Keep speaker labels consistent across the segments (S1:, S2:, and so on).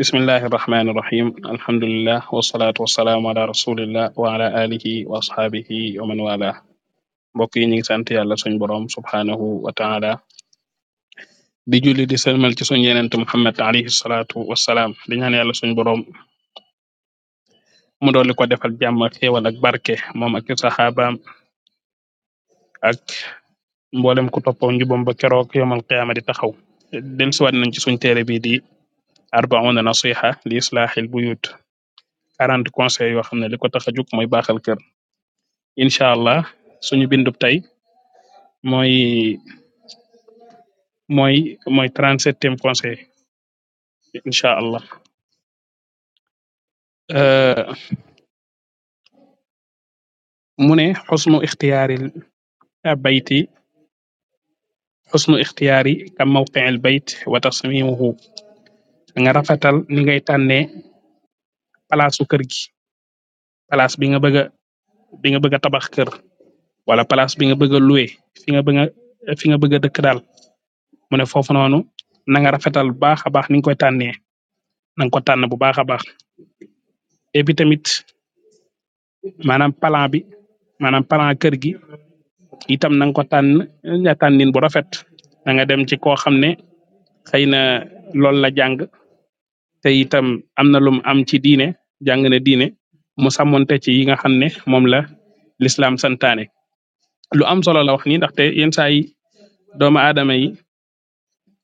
S1: Bismillahi irrahmani irrahim alhamdulilah wasalaatu wasalaamu ala rasulillah wa ala alihi wa asxaabihi wa man wala mbokk yi ñu ngi sant yàlla suñ boroom subhaanahu wa taala di julli di sëlmal ci suñ yenent Muhammad alayhi salaatu wasalaam di ñaan yàlla suñ ko defal jàmm ak xéewal ak barke moom ak saxaabaam ak mboolem ku toppoo njubam ba keroog yomal qiyaama di taxaw dellusiwaat nañ ci suñ téere arba arbauna nasiha li islahil buyut quarante conseil yoo xam ne li ko tax a jug mooy baaxal kër incha allah suñu bindub tey mooy mooy mooy trente septième conseil incha allah mu ne xusnu ixtiyaari bayti xusnu ixtiyaari ka mawqiil bayt wa tasmimuhu nga rafetal ni ngay tànnee palaasu kër gi palaas bi nga bëga bi nga bëga tabax kër wala palaas bi nga bëga luwe fi nga bëga dëkk daal mu ne foofu noonu na nga rafetal bu baax a baax ni nga koy tànnee nanga ko tànn bu baax a baax epi tamit maanaam palan bi maanaam palan kër gi itam nanga ko tànn tànnin bu rafet na nga dem ci koo xam ne xëy na loolu la jàng te itam am na lum am ci diine jàng na diine mu sàmmonte ci yi nga xam ne moom la lislaam santaane lu am solo la wax ni ndaxte yenn saa yi doomu aadama yi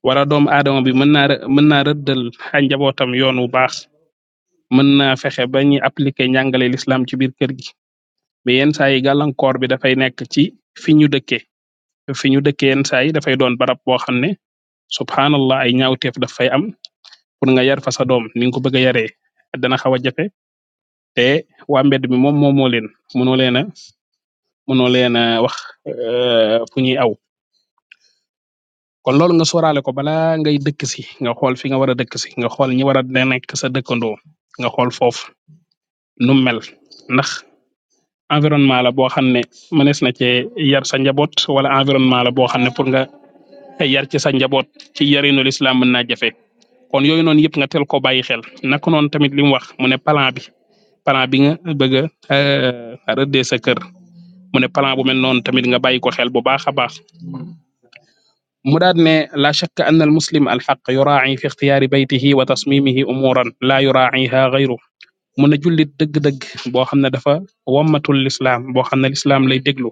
S1: wala doomu aadama bi mën naa mën naa rëddal ay yoon wu baax mën naa fexe ba ñuy appliquer njàngale lislaam ci biir kër gi mais yenn saa yi gàllankoor bi da dafay nekk ci fi ñu dëkkee fi ñu dëkkee yenn saa yi dafay doon barab boo xam ne subhanallah ay ñaawteef daf fay am pour nga yar fa sa doom ni nga ko bëgg a yaree dana xaw a jafe te waa mbedd mi moom moom moo leen mënoo leen a mënoo leen a wax euh, fu ñuy aw kon loolu nga sorale ko balaa ngay dëkk si nga xool fi nga war a dëkk si nga xool ñi war a nekk sa dëkkandoo nga xool foofu nu mel ndax environnement la boo xam ne mënees na cee yar sa njaboot wala environnement la boo xam ne pour nga yar ci sa njaboot ci yarinu lislaam mën naa jafe. kon yooyu noonu yëpp nga teel ko bàyyi xel naka noonu tamit li mu wax mu ne plan bi plan bi nga bëgg a euh, sa kër ne plan bu mel noonu tamit nga bàyyi ko xel bu baax a baax mu daat ne la shakka anna al muslim al xaq yuraaci fi ixtiyaari baytihi wa tasmimihi umuran laa yuraaciha gayru mu ne jullit dëgg-dëgg boo xam ne dafa wammatul lislaam boo xam ne lislaam lay déglu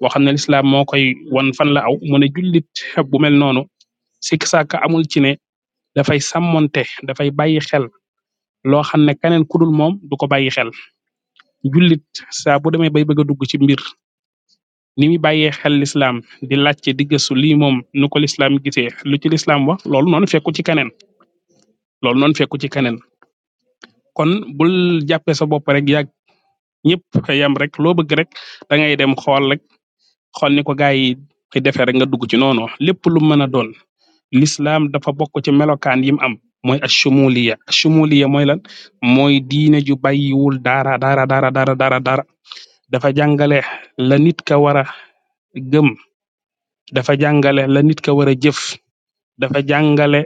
S1: boo xam ne lislaam moo koy wan fan aw mu ne jullit bu mel noonu amul ci dafay sàmmonte dafay bàyyi xel loo xam ne keneen ku dul moom du ko bàyyi xel julit saa bu demee bay bëgg a dugg ci mbir ni muy bàyyee xel lislaam di laajte di gëstu lii moom nu ko lislaam gisee lu ci lislaam wax loolu noonu fekku ci keneen loolu noonu fekku ci keneen kon bul jàppee sa bopp rek yàgg ñëpp yam rek loo bëgg rek da ngay dem xool rek xool ni ko gaa yi defee rek nga dugg ci noonu lépp lu mën a doon lislaam dafa bokk ci melokaan yim am mooy ashumuliya ashumuliya mooy lan mooy diine ju bàyyiwul dara dara dara dara dara dara dafa jàngale la nit ka war a gëm dafa jàngale la nit ka war a jëf dafa jàngale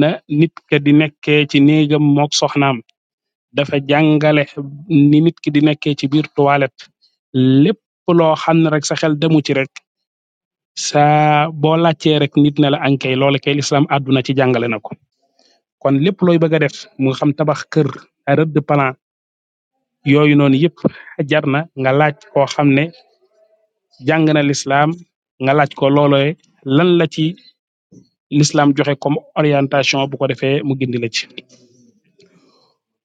S1: na nit di nekkee ci néegam mook soxnaam dafa jàngale ni nit ki di nekkee ci biir toilette lépp loo rek sa xel demu ci rek saa boo laajtee rek nit ne la ankay loole kay lislaam àdduna ci jàngale na ko kon lépp looy bëgg a def mu xam tabax kër rëdd plan yooyu noonu yëpp jar na nga laaj koo xam ne jàng na lislaam nga laaj ko loolooy lan la ci lislaam joxe comme orientation bu ko defee mu gindi la ci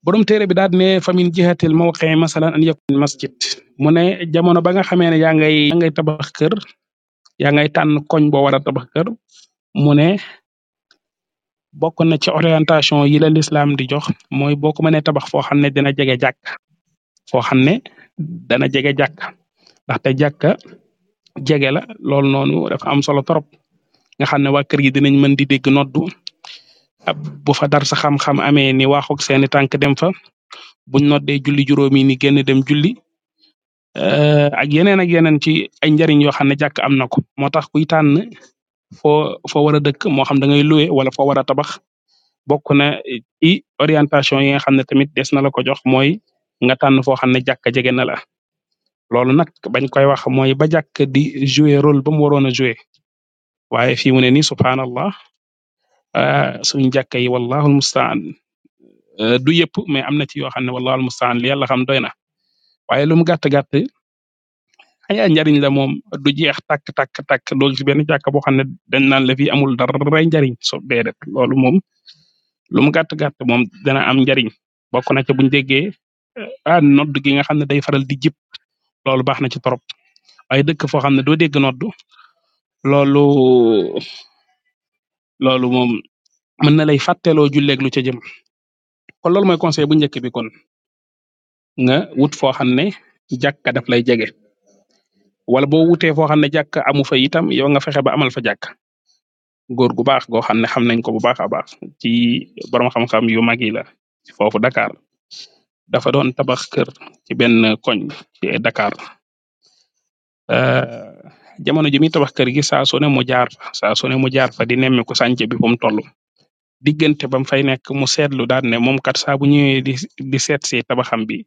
S1: borom bi daal ne fa min jihatil mawqi masalan an yakun masjid mu ne jamono ba nga xamee ne yaa ngay yaa ngay tabax kër yaa ngay tànn koñ boo wara tabax kër mu ne bokk na ci orientation yi la lislaam di jox mooy boo ko mënee tabax foo xam ne dina jege jàkk foo xam ne dana jege jàkk ndaxte jàkka jege la lool noonu dafa am solo torop nga xam ne waa kër gi dinañ mën di dégg noddu bu fa dar sa xam amee ni waaxook seeni tànk dem fa buñ noddee julli juróomi ni génn dem julli. Euh, ak yeneen ak yeneen ci a njariñ yoo xam ne jàkk am na ko moo tax kuy tànn foo foo war a dëkk moo xam da ngay loué wala foo war a tabax bokk na ci orientation yi nga xam ne tamit des na la ko jox mooy nga tànn foo xam ne jàkk jege na la loolu nag bañ koy wax mooy ba jàkk di jouer rôle ba mu waroon a jouer waaye fii mu ne nii subhanallah euh, suñ jàkka yi wallahul mustaan euh, du yëpp mais am na ci yoo xam ne wallahul mustaan li yàlla xam doy na. waaye lu mu gàtt gàtt ay njariñ la moom du jeex takk takk takk dool ci benn jàkka boo xam ne dañ naan la fi amul dara njariñ sob déedéet loolu moom lu mu gàtt gàtt moom dana am njariñ bokk na ca buñ déggee ah nodd gi nga xam ne day faral di jip loolu baax na ci torop waaye dëkk foo xam ne doo dégg nodd loolu loolu moom mën na lay fàtteloo julleeg lu ca jëm kon loolu mooy conseil bu njëkk bi nga wut foo xam ne jàkka daf lay jege wala boo wutee foo xam ne jàkka amu fa itam yow nga fexe ba amal fa jàkka góor gu baax goo xam ne xam nañ ko bu baax a baax ci borom xam-xam yu mag yi la foofu Dakar dafa doon tabax kër ci benn koñ ci Dakar euh, jamono ji muy tabax kër gi saa su ne mu jaar fa saa su ne mu jaar fa di nemmeeku sànce bi fu mu toll. diggante bam fay nekk mu seetlu daal ne moom kat saa bu ñëwee di di seet si tabaxam bi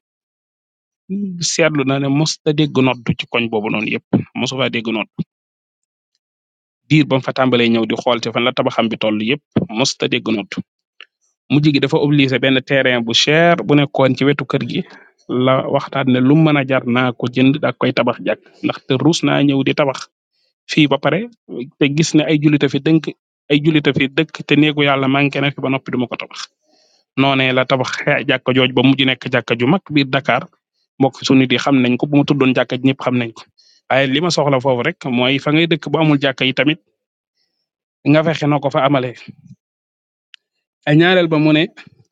S1: seetlu na ne mosta dégg noddu ci koñ boobu noonu yépp mosu fa dégg noddu diir bam fa tàmbalee ñëw di xool ci fan la tabaxam bi toll yépp mosta dégg noddu mujj gi dafa obligé benn terrain bu cher bu nekkoon ci wetu kër gi la waxtaan ne lum mëna jar naa ko jënd dak koy tabax jàkk ndaxte ruus naa ñëw di tabax fii ba pare te gis ne ay julita fi dënk ay julita fi dëkk te neegu yàlla manqué na fi ba noppi duma ko tabax noonee la tabax jàkka jooj ba mujj nekk jàkka ju mag biir Dakar. mbokk sunnit yi xam nañ ko bu mu tuddoon jàkka ji ñëpp xam nañ ko waaye li ma soxla foofu rek mooy fa ngay dëkk bu amul jàkka yi tamit nga fexe noo ko fa amalee ñaareel ba mu ne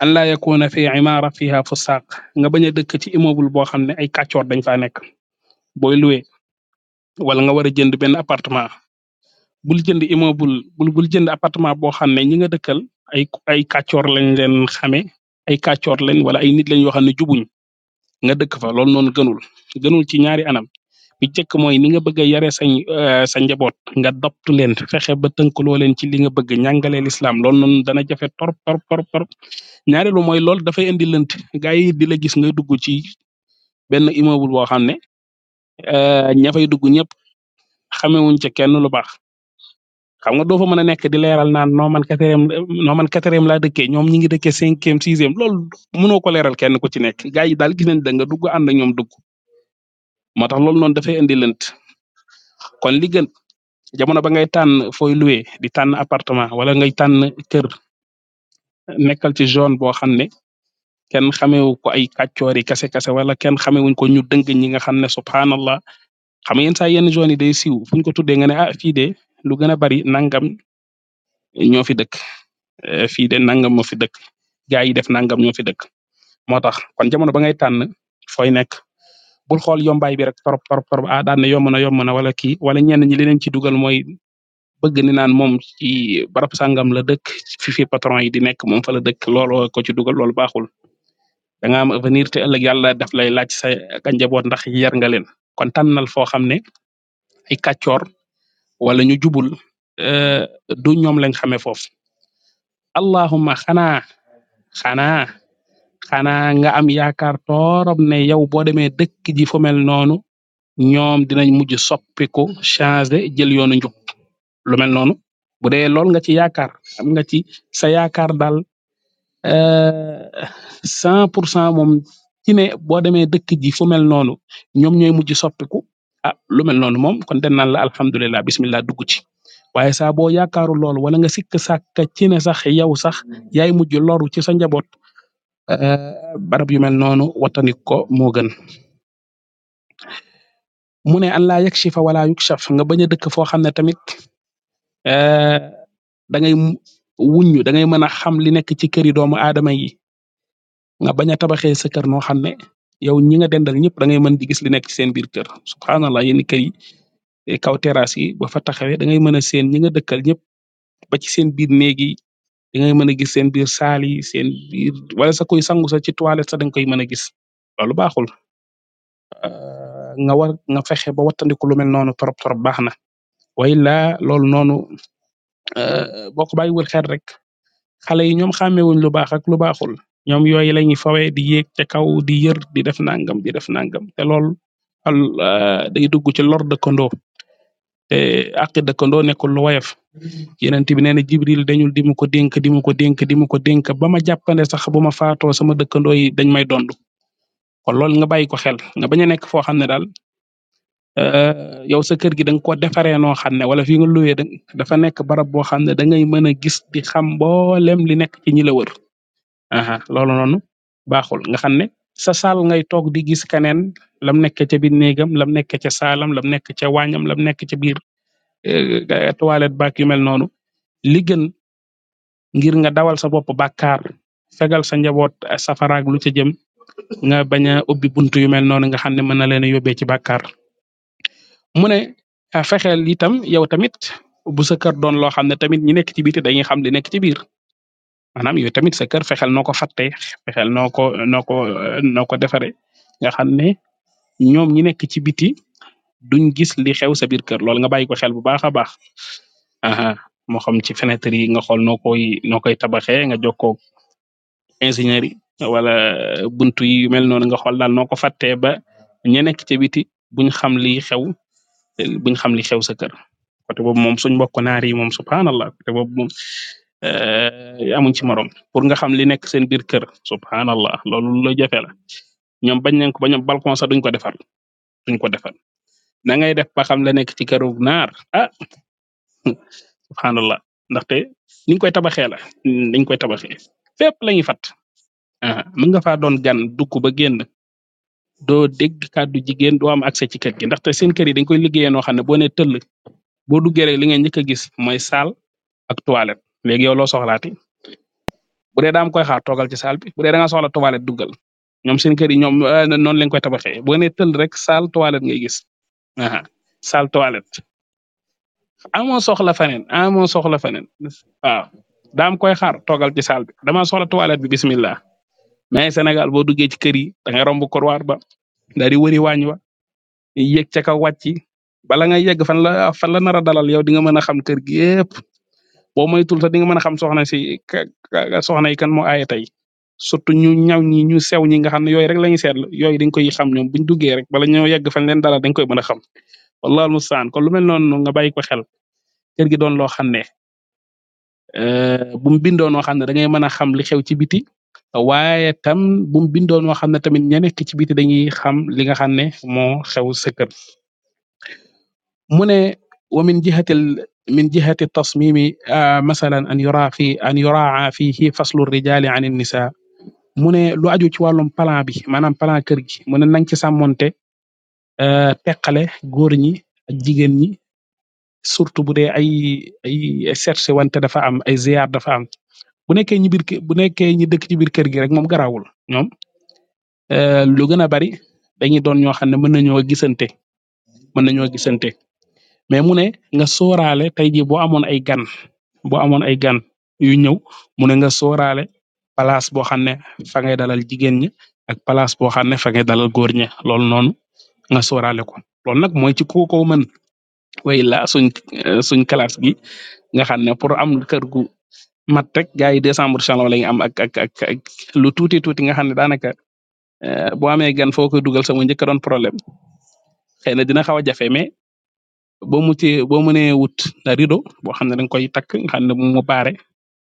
S1: an laa yakuna fi imaara fiha fusaq nga bañ a dëkk ci immeuble boo xam ne ay kàccoor dañ faa nekk booy loué wala nga war a jënd benn appartement bul jënd immeuble bul bul jënd appartement boo xam ne ñi nga dëkkal ay ay kàccoor lañ leen xame ay kàccoor lañ wala ay nit lañ yoo xam ne jubuñ nga dëkk fa loolu noonu gënul gënul ci ñaari anam bi jëkk mooy ni nga bëgg a yare sa euh, sa njaboot nga doptu leen fexe ba tënkaloo leen ci li nga bëgg ñàngale lislaam loolu noonu dana jafe torop torop torop torop ñaareelu mooy loolu dafay indi lënt gaa yi di la gis nga dugg ci benn immeuble boo xam ne euh, ña fay dugg ñëpp xamewuñ ca kenn lu baax xam nga doo fa mën a nekk di leeral naan noo man quatrième noo man quatrième laa dëkkee ñoom ñi ngi dëkkee cinquième sixième loolu ko leeral kenn ku ci nekk gars yi daal gis nañ da nga dugg ànd ak ñoom dugg moo tax loolu noonu dafay indi lënt kon li gën jamono ba ngay tànn fooy louer di tànn appartement wala ngay tànn kër nekkal ci zone boo xam ne kenn xamewu ko ay kàccoor yi kase kase wala kenn xamewuñ ko ñu dëng ñi nga xam ne subhanallah xam yenn saa yenn zone yi day siw fu ko tuddee nga ne ah, lu gën a bari nangam ñoo fi dëkk eh, fii de nangam moo fi dëkk gaa yi def nangam ñoo fi dëkk moo tax kon jamono ba ngay tànn fooy nekk bul xool yombaay bi rek torop torop torop ah daan na yomb na wala kii wala ñenn ñi leneen ci dugal mooy bëgg ni naan moom ci barab sangam la dëkk fi fi patron yi di nekk moom fa la dëkk looloo ko ci dugal loolu baaxul da nga avenir te ëllëg yàlla def lay laaj sa kanjaboot ndax yar nga leen kon tànnal foo xam ne ay kàccoor wala ñu jubul euh, du ñoom lañ xamee foofu allahuma xanaa xanaa xanaa nga am yaakaar toorop ne yow boo demee dëkk ji fu mel noonu ñoom dinañ mujj soppiku changé jël yoonu njub lu mel noonu bu dee lool nga ci yaakaar am nga ci sa yaakaar daal euh, cent pour cent moom ci ne boo demee dëkk ji mel noonu ñoom ñooy mujj soppiku ah lu mel noonu moom kon den naan la alhamdulilah bismilah dugg ci waaye saa boo yaakaaru loolu wala nga sikk sàkka ci ne sax yow sax hmm. yaay mujj loru ci sa njaboot eh, barab yu mel noonu watanik ko moo gën. mu ne an laa yakshifa wala yukshaf nga bañ a dëkk foo xam ne tamit eh, da ngay wuññu da ngay mën a xam li nekk ci këri doomu aadama yi nga bañ a tabaxee sa kër noo xam ne yow ñi nga dendal ñëpp da ngay mën di gis li nekk ci seen biir kër subhanallah yéen kër yi eh, kaw terrasse yi ba fa taxawee da mën a seen ñi nga dëkkal ñëpp ba ci seen biir néeg yi da ngay mën a gis seen biir saal yi seen biir wala sa koy sangu sa ci toilette sa da nga koy mën a gis loolu baaxul ah, nga war nga fexe ba wattandiku lu mel noonu trop trop baax na way laa loolu noonu ah, boo ko bàyyiwul xel rek xale yi ñoom xàmmewuñ lu baax ak lu baaxul ñoom yooyu la ñuy fawee di yéeg ca kaw di yër di def nangam di def nangam te lool al euh, day dugg ci lor dëkkandoo te ak dëkkandoo nekkul lu woyof yeneen bi nee na Jibril dañul di mu ko dénk di mu ko dénk di mu ko dénk ba ma jàppande sax bu ma faatoo sama dëkkandoo yi dañ may dond kon loolu nga bàyyi ko xel nga bañ a nekk foo xam ne daal euh, yow sa kër gi da nga ko defaree noo xam ne wala fi nga luwee dafa nekk barab boo xam ne da ngay mën a gis di xam mboolem li nekk ci la wër. aha loolu noonu baaxul nga xam ne sa saal ngay toog di gis keneen lam nekk ca biir néegam lam nekk ca saalam lam nekk ca wàññam lam nekk ca biir eh, eh, toilette baak yu mel noonu li gën ngir nga dawal sa bopp bàkkaar fegal sa njaboot eh, safaraag lu ca jëm nga bañ a ubbi buntu yu mel noonu nga xam ne mën na leen a yóbbee ci bàkkaar mu ne fexeel itam yow tamit bu sa kër doon loo xam ne tamit ñi nekk ci biti dañuy xam li nekk ci biir maanaam yow tamit sa kër fexeel noo ko fàttee fexeel noo ko noo ko noo ko defaree nga xam ne ñoom ñi nekk ci biti duñ gis li xew sa biir kër loolu nga bàyyi ko xel bu baax a baax aha moo xam ci fenêtre yi nga xool noo koy noo koy tabaxee nga jokkoo ingénieur yi wala buntu yi yu mel noonu nga xool daal noo ko fàttee ba ñi nekk ci buñ xam li xew buñ xam li xew sa kër côté boobu moom suñ mbokk naar yi moom subhanallah côté boobu moom %e amuñ ci morom pour nga xam li nekk seen biir kër subhanallah loolu lu jafe la ñoom bañ nañ ko ba ñoom balcon sax duñ ko defar duñ ko defar na ngay def ba xam la nekk ci këru naar ah subhanallah ndaxte niñ koy tabaxee la niñ koy tabaxee fépp lañuy fat ah mën nga faa doon gan dugg ba génn doo dégg kadu jigéen doo am accès ci kër gi ndaxte seen kër yi dañ koy liggéeyee noo xam ne boo nee tëll boo duggee rek li nga njëkk a gis mooy sal ak toilette. léegi yow loo soxlaati bu dee koy xaar toogal ci saal bi soxla toilette duggal ñoom seen kër yi ñoom eh, noonu lañ koy tabaxee boo nee tël rek saal toilette ngay gis aha saal toilette amoo soxla faneen amoo soxla faneen waaw daa koy xaar toogal ci saal bi dama soxla toilette bi bismillah mais senegal boo duggee ci kër yi da ngay romb korwaar ba daal di wëri wa yéeg ca kaw wàcc bala nga yegg fan la fan la nar a dalal yow di nga mën a xam kër gi boo moytul sax di a xam soxna si ka soxna yi kan tey surtout ñu ñaw ñi ñu sew ñi nga xam ne yooyu rek la ñuy seetlu yooyu dañ koy xam ñoom buñ duggee rek bala ñoo yegg fañ leen dara dañ koy mën a xam wallahi almustaan kon lu mel no nga bàyyi ko xel kër gi doon loo xam ne euh, bu mu bindoo noo xam ne da mën a xam li xew ci biti waaye tam bu mu bindoo noo xam ne tamit ña nekk ci biti dañuy xam li nga xam ne moo xew sa kër mu ne mi من جهة التصميم مثلا أن an yora أن يراعى فيه فصل الرجال عن النساء mu ne lu aju ci wàllum plan bi maanaam plan kër gi mu ne nañ ci sàmmonte euh, teqale góor ñi ak jigéen ñi surtout bu dee ay ay cherche wante dafa am ay ziar dafa am bu nekkee ñi biir bu nekkee ñi dëkk ci biir kër gi rek moom garaawul ñoom euh, lu gën a bari dañuy doon ñoo xam ne mën nañoo gisante mën nañoo gisante. mais mu ne nga sóoraale tey jii boo amoon ay gan boo amoon ay gan yu ñëw mu ne nga sóoraale place boo xam ne fa ngay dalal jigéen ñi ak place boo xam ne fa ngay dalal góor ñi loolu noonu nga sóoraale ko loolu nag mooy ci ku ko mën way la suñ eh, suñ classe gi nga xam ne pour am kër gu mat rek gars yi décembre chalon lañu am ak ak lu tuuti tuuti nga xam ne daanaka eh, boo amee gan foo koy dugal sama njëkk doon problème xëy na dina xaw jafe mais boo mucee boo mënee wut a rido boo xam ne danga koy takk nga xam ne mu baare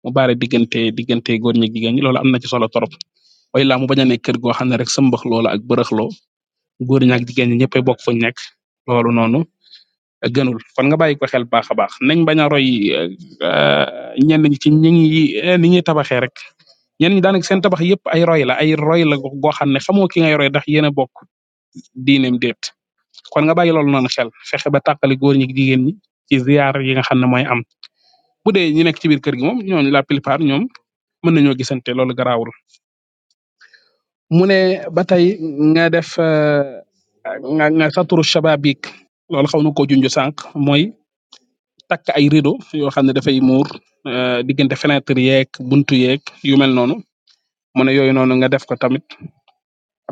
S1: mu baare diggante diggante góor ñi jigéen ñi loolu am na ci solo torop way laa baña ne a nekk kër goo xam ne rek sëmbax loola ak bërëxloo góor ñi ak jigéen ñi ñëppay bokk fuñ nekk loolu noonu gënul kon nga bàyyi ko xel baax a baax nañ bañ a roy euh, ñenn ñi ci ñi eh, ni ñuy tabaxee rek ñenn ñi daanaka seen tabax yépp ay roy la ay roy la goo xam ne xamoo ki ngay roy ndax yéen a bokk diineem kon nga bàyyi loolu noonu xel fexe ba tàqali góor ñi ak jigéen ñi ci ziar yi nga xam ne mooy am bu dee ñi nekk ci biir kër gi moom ñooñu la plupart ñoom mën nañoo gisante loolu garaawul mu ne ba tey nga def euh, nga nga saturu shababik loolu xaw na ko junj sànq mooy takk ay rideau yoo xam ne dafay muur euh, diggante fenêtre yeeg buntu yeeg yu mel noonu mu ne yooyu noonu nga def ko tamit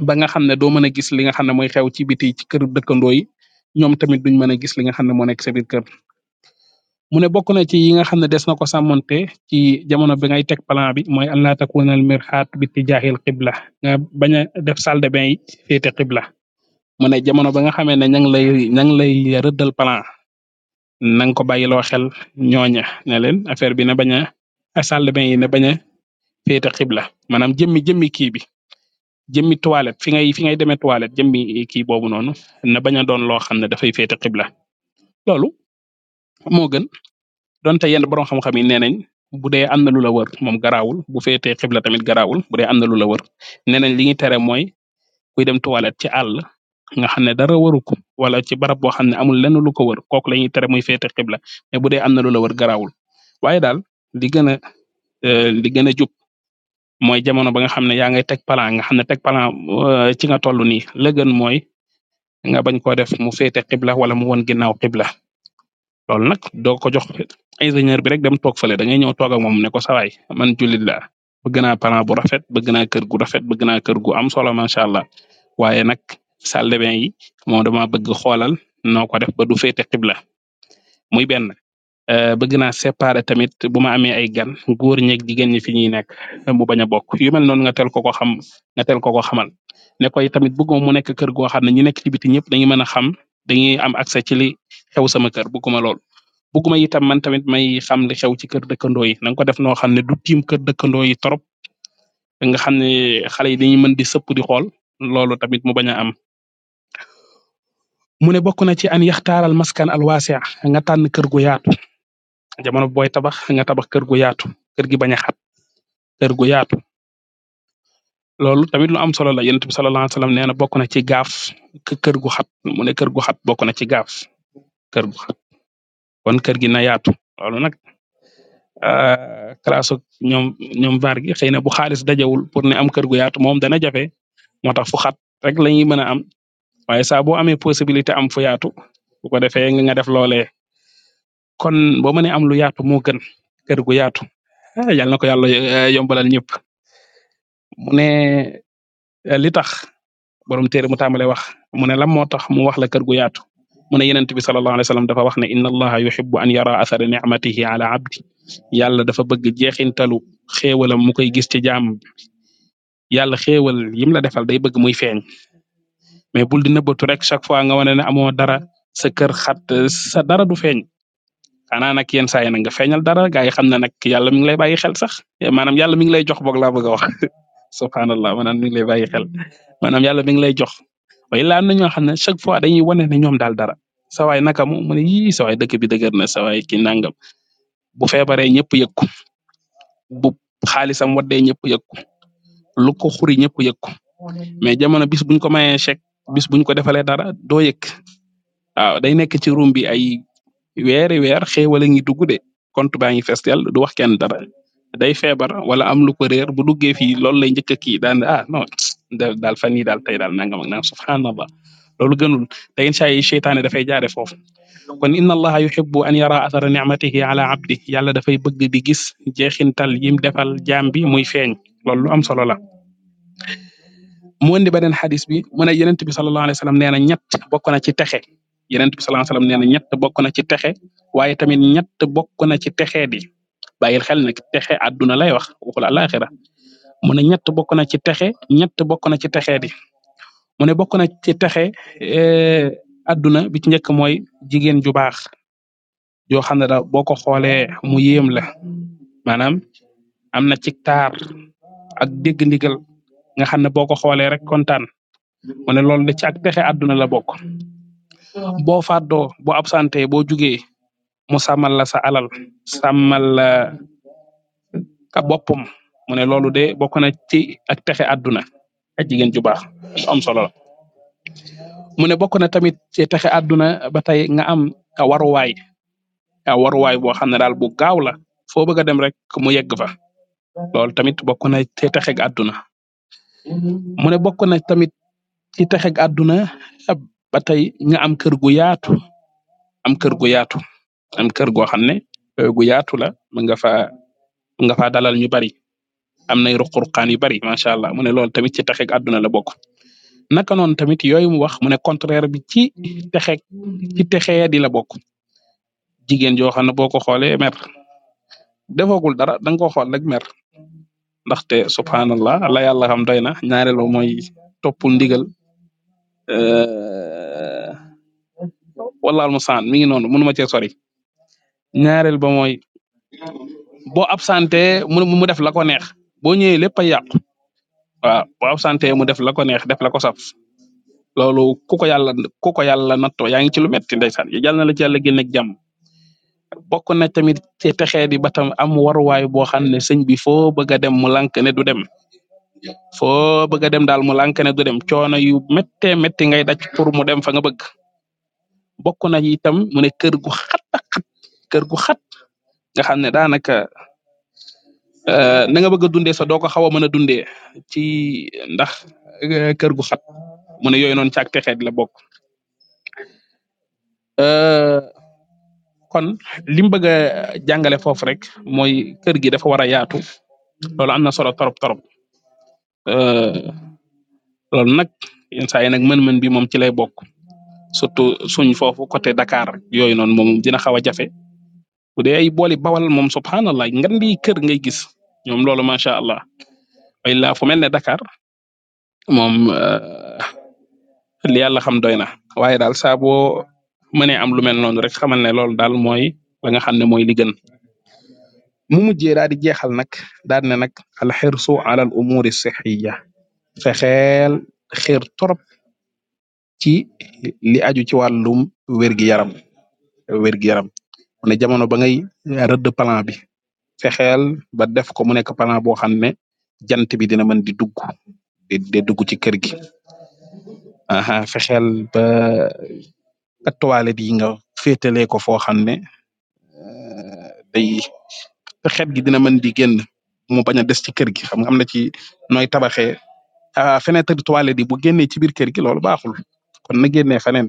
S1: ba nga xam ne doo mën a gis li nga xam ne mooy xew ci biti ci kër dëkkandoo yi ñoom tamit duñ mën a gis li nga xam ne moo nekk sa biir kër ne bokk na ci yi nga xam ne des na ko sàmmonte ci jamono bi ngay teg plan bi mooy an laa takunal mirxaat bi tijaahil xibla nga bañ a def salle de bain yi féete xibla jamono ba nga xamee ne ña ngi lay ña ngi lay rëddal plan na nga ko bàyyiloo xel ñooña ne leen affaire bi ne bañ a salle de bain yi ne bañ a féete xibla maanaam jëmmi jëmmi kii bi jëmmi toilette fi ngay fi ngay demee toilette jëmmi kii boobu noonu na bañ a doon loo xam ne dafay féete xibla loolu moo gën donte yenn borom xam-xam yi nee nañ bu dee am na la wër moom garaawul bu féetee xibla tamit garaawul bu dee am na lu la wër nee nañ li ñu tere mooy kuy dem toilette ci àll nga xam ne dara waru ko wala ci barab boo xam ne amul lenn lu ko wër kooku la ñuy tere muy féete xibla mais bu dee am na lu la wër garaawul waaye daal li mooy jamono ba nga xam ne yaa ngay teg plan nga xam ne teg plan euh, ci nga toll nii la mooy nga bañ koo def mu féete xibla wala mu won ginnaaw xibla loolu nag doo ko jox ingénieur bi rek dem toog fale da ngay ñëw toog ak moom ne ko sawaay man jullit laa bëgg naa plan bu rafet bëgg naa kër gu rafet bëgg naa kër gu am solo macha allah waaye nag salle de bain yi moo dama bëgg xoolal noo ko def ba du féete xibla muy benn Euh, bëgg naa séparer tamit bu ma amee ay gan góor ñeeg jigéen ñi fi ñuy nekk mu bañ a bokk yu mel noonu nga tel ko ko xam nga ko ko xamal ne koy tamit bëgguma mu nekk kër goo xam ne ñi nekk ci biti ñëpp dañuy mën a xam dañuy am accès ci li xew sama kër bëgguma lool. bëgguma itam man tamit may xam li xew ci kër dëkkandoo yi na ko def noo xam ne du tiim kër dëkkandoo yi trop nga xam ne xale yi dañuy mën di sëpp di xool loolu tamit mu bañ a am. mu ne bokk na ci an yaxtaaral maskan al waasi' nga tànn kër gu yaatu jamono booy tabax nga tabax kër gu yaatu kër gi baña xat kër gu yaatu loolu tamit lu am solo la yonent bi sallallahu alayhi wasallam nee na bokk na ci gaaf gu xat mu ne kër gu xat bokk na ci gaaf kër gu kon kër gi na yaatu loolu nag ah, classe ñoom ñoom var gi xëy na bu xaalis dajawul pour ne am kër gu yaatu moom dana jafe moo tax fu xat rek lañuy mën a am waaye saa boo amee possibilité am fo yaatu bu ko defee nga def loolee kon boo mënee am lu yaatu moo gën kër gu yaatu ah, yàlla na ko yàlla eh, yombalal ñëpp mu ne eh, li tax borom téere mu tàmbalee wax mu ne lan moo tax mu wax la kër gu yaatu mu ne yenent bi sallallahu alayhi dafa wax ne inna allaha yuhibbu an yara athara ni'matihi ala abdi yàlla dafa bëgg jeexintalu xéewalam mu koy gis ci jaam yàlla xéewal yim la defal day bëgg muy feeñ mais bul di rek chaque fois nga wane ne amoo dara sa kër xat sa dara du feeñ xanaa nag yenn saa yi nag nga feeñal dara gaa yi xam ne nag yàlla mi ngi lay bàyyi xel sax maanaam yàlla mi ngi lay jox boog laa bëgg a wax subhanallah maanaam mi ngi lay bàyyi xel maanaam yàlla mi ngi lay jox waaye laa am na ñoo xam ne chaque fois dañuy wane ne ñoom daal dara sawaay naka mu mu ne yii sawaay dëkk bi dëgër na sawaay ki nangam bu feebaree ñëpp yëg ko bu xaalisam waddee ñëpp yëg ko lu ko xuri ñëpp yëg ko mais jamono bis buñ ko mayee chèque bis ko defalee dara doo yëg waaw day nekk ci room bi ay weeri weer xéewal a ngi dugg de compte baa ngi festel du wax kenn dara day feebar wala am lu ko réer bu duggee fii loolu lay njëkk a kii daan ah non da- daal fan yii daal tey daal nangam ak nangam subhanallah loolu gënul te incha allah seytaane dafay jaare foofu. kon inna allaha yuhibbu an yara athara nicmatihi ala abdi yàlla dafay bëgg di gis jeexintal yim defal jaam bi muy feeñ loolu lu am solo la. mu indi beneen xadis bi mu ne yonent bi sallallahu alayhi wa sallam nee na ñett bokk na ci texe yenent bi sallallahu alayhi wasallam na ñett bokk na ci texe waaye tamit ñett bokk na ci texe di bàyyil xel nag texe àdduna lay wax waxul alaxira mu ne ñett bokk na ci texe ñett bokk na ci texe di mu ne bokk na ci texe eh, àdduna bi ci njëkk mooy jigéen ju baax yoo xam ne da boo ko xoolee mu yéem la maanaam am na ci taar ak nga xam ne boo ko xoolee rek kontaan mu ne loolu ci ak texe àdduna la bokk boo fàddoo boo absenté boo jugee mu sàmmal la sa alal sàmmal la ka boppam mu ne loolu de bokk na ci ak texe àdduna ak jigéen ju baax su am solo la ne bokk na tamit ci texe àdduna ba tey nga am ka waruwaay ka waruwaay boo xam ne daal bu gaaw la foo bëgg a dem rek mu yegg fa loolu tamit bokk na ci texe àdduna mu ne tamit ci texe àdduna ba tey nga am kër gu yaatu am kër gu yaatu am kër goo xam ne gu yaatu la mën nga fa nga fa dalal ñu bari am nay ruq-ruqaan yu bari macha allah mu ne loolu tamit ci texeeg àdduna la bokk naka noonu tamit yooyu mu wax mu ne contraire bi ci texeeg ci texee di la bokk jigéen joo xam ne boo ko xoolee mer defagul dara danga ko xool rek mer ndaxte subhanallah la yàlla xam doy na ñaareelu mooy toppul ndigal. Euh, wallaahu mustaan mi ngi noonu mënu ma cee sori ñaareel ba mooy boo absenté mu mu def la ko neex boo ñëwee lépp a yàqu waaw boo absenté mu def la ko neex def la ko saf loolu ku ko yàlla ku ko yàlla nattoo yaa ngi ci lu metti ndeysaan yal na la ci yàlla génne ak na tamit ci texee di ba tam am waruwaay boo xam ne sëñ bi foo bëgg a dem mu lànk ne du dem foo bëgg a dem daal mu lànk ne du dem coono yu méttee ngay daj mu dem fa nga bëgg bokk na itam mu ne kër gu xat a xat kër gu xat nga xam ne daanaka euh, na nga bëgg a dundee sa doo ko xaw a mën a dundee ci ndax euh, kër gu xat mu ne yooyu noonu ci ak texeet la bokk euh, kon lim bëgg a jàngale foofu rek mooy kër gi dafa war a yaatu loolu am na solo torop torop loolu nag yenn saa yi nag mën-mën bi moom ci lay bokk. surtout suñ foofu côté Dakar yooyu noonu moom dina xaw a jafe bu dee ay booli bawal moom subhanallah ngan bi kër ngay gis ñoom loolu macha allah ay la fu mel ne Dakar moom euh, li yàlla xam doy na waaye daal saabo boo mënee am lu mel noonu rek xamal ne loolu daal mooy la nga ne mooy li gën. mu mujjee daal di jeexal nag daal ne nag al su ala al umuri sixiya fexeel xir torop ci li aju ci wàllum wergu yaram wergu yaram mu ne jamono ba ngay eh, rëdd palan bi fexeel ba def ko mu nekk palan boo xamne jant bi dina mën di dugg de dugg ci kër gi aha fexeel ba katuwalet yi nga féetale ko foo xamne eh, day xet gi dina mën di génn mu baña des ci kër gi xam nga amna ci nooy tabaxe ah, fenetre toilet yi bu genne ci biir kër gi loolu baaxul. kon na génnee feneen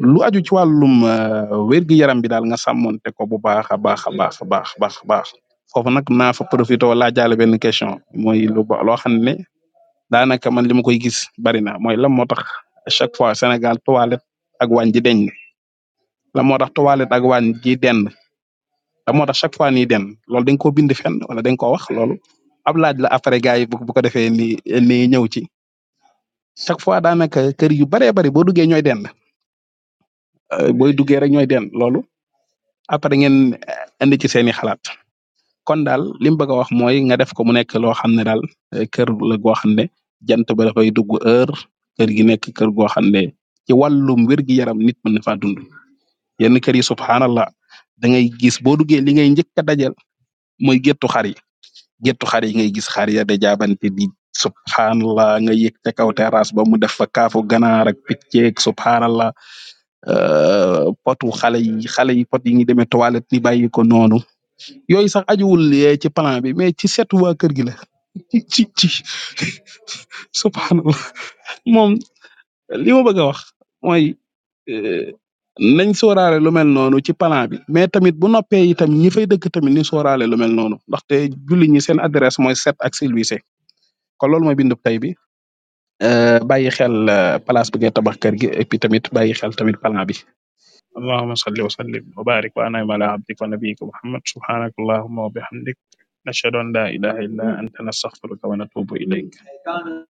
S1: lu aju ci wàllum euh, wérgi yaram bi daal nga sàmmonte ko bu baax a baax a baax a baax baax baax foofu nag naa fa laa jaale benn question mooy lu loo xam ne danaka man li ma koy gis bari na mooy lan moo tax chaque fois Sénégal toilette ak waañ ji deñ lan moo tax toilette ak waañ ji dend lan tax chaque fois nii den loolu dañ ko bind wala dañ ko wax loolu ab laaj la après gars yi bu bu ko defee ni ni ñëw ci chaque fois daanaka kër yu baree bari boo duggee ñooy dend euh, booy duggee rek ñooy dend loolu après ngeen eh, indi ci seeni xalaat kon daal li mu bëgg a wax mooy nga def ko mu nekk loo xam ne daal eh, kër la goo xam ne jant ba dafay dugg heure kër gi nekk kër goo xam ne ci wàllum wér gi yaram nit mën na faa dund yenn kër yi subhanallah da ngay gis boo duggee li ngay njëkk a dajal mooy gettu xar yi gettu xar yi ngay gis xar ya da jaabante subhanallah nga yëg ca kaw terrasse ba mu def fa kaafu ganaar ak picc yeeg subhanallah euh, potu xale yi xale yi pot yi ngi demee toilette ni bàyyi ko noonu yooyu sax ajuwul eh, ci plan bi mais ci setu waa kër gi la ci ci ci subhanallah moom li ma bëgg a wax mooy eh, nañ sóoraale lu mel noonu ci plan bi mais tamit bu noppee itam ñi fay dëkk tamit ni sóoraale lu mel noonu ndaxte julli ñi seen adresse mooy set ak silwise kon loolu mooy bindub tey bi euh, bàyyi xel euh, place bi ngay tabax kër gi tamit bàyyi xel tamit plan bi. allahuma salli wa sallim wa barik wa an'im ala abdika wa nabiyyika muhammad subhanak allahuma wa bihamdik nashhadu an la ilaha illa anta nastaghfiruka wa natubu ilayk